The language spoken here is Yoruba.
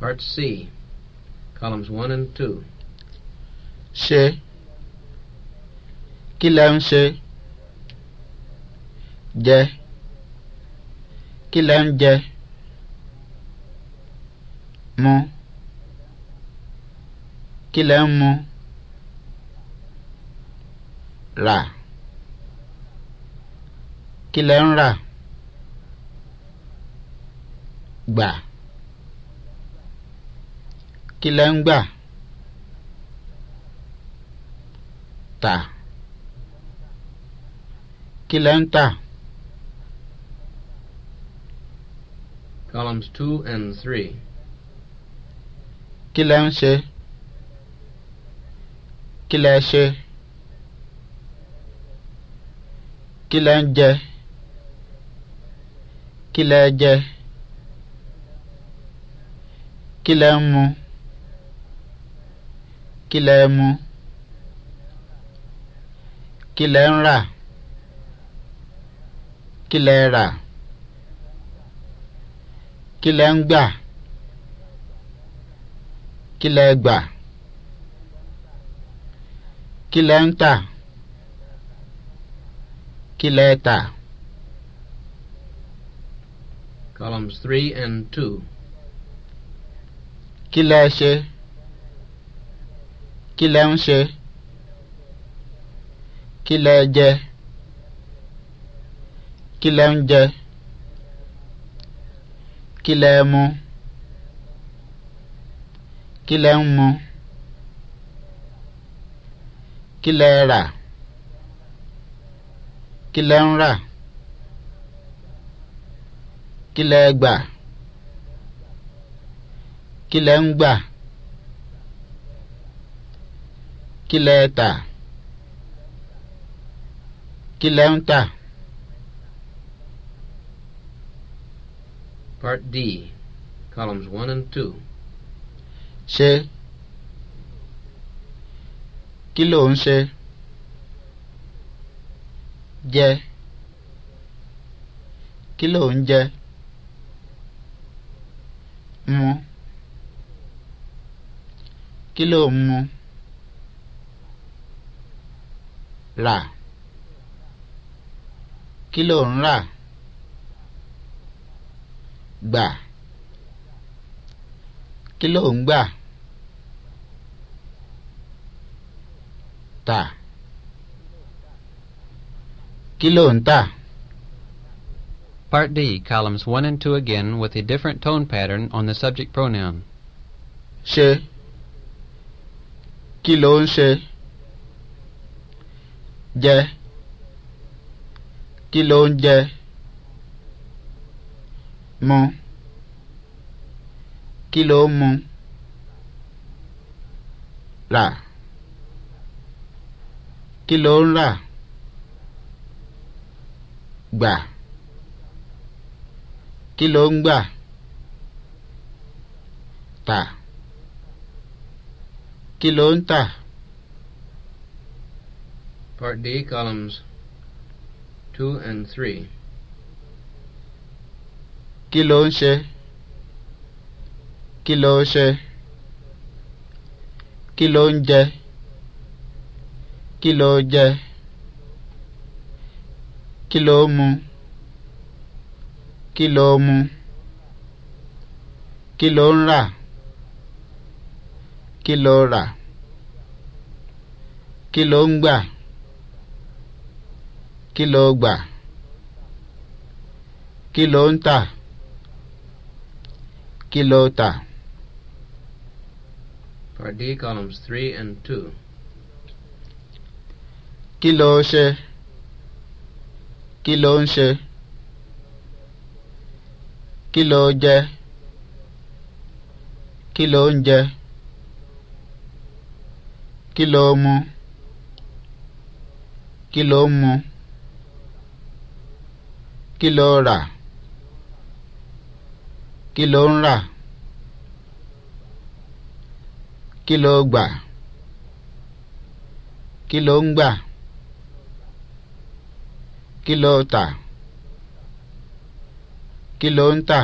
Part C, columns one and two. Ṣe. Kí lẹ ń ṣe? Jẹ. Kí lẹ ń jẹ? Mu. Kí lẹ ń mu? Rà. Kí lẹ ń rà? Gbà kí ń gbà tà kí ń tà. columns two and three. kí lẹ́ ń ṣe kí lẹ́ ṣe kí ń jẹ kí jẹ kí ń mu kí lẹ mu kí lẹ ń rà kí lẹ rà kí lẹ ń gbà kí lẹ gbà kí lẹ ń tà kí lẹ tà. Columns three and two. Kí lẹ ṣe? kí lẹ ń ṣe kí lẹ jẹ kí lẹ ń jẹ kí lẹ mu kí lẹ ń mu kí lẹ rà kí lẹ ń rà kí lẹ gbà kí lẹ ń gbà. كلاتا ta Part D, columns 1 and 2. ṣe kí ló ń ṣe jẹ kí ló ń mu kí mu. La. kí ló ń rà gbà kí ló ń gbà tà kí ló ń tà. Part D, columns 1 and 2 again with a different tone pattern on the subject pronoun. She. Kí she. jẹ kí ló ń jẹ mu kí ló ń mu rà kí ló ń rà gbà kí ló ń gbà tà kí ló ń tà. Part D, columns 2 and 3. Kí ló ń ṣe? Kí ló ń ṣe? Kí ló ń jẹ? Kí ló jẹ? Kí ló mu? Kí ló mu? Kí ló ń rà? Kí ló rà? Kí ló ń gbà? kí ló gbà kí ló ń tà kí ló tà. Part D, columns three and two. kí ló ṣe kí ló ń ṣe kí ló jẹ kí ló ń jẹ kí ló mu kí ló mu kí ló rà kí ló ń rà kí ló gbà kí ló ń gbà kí ló tà kí ló ń tà.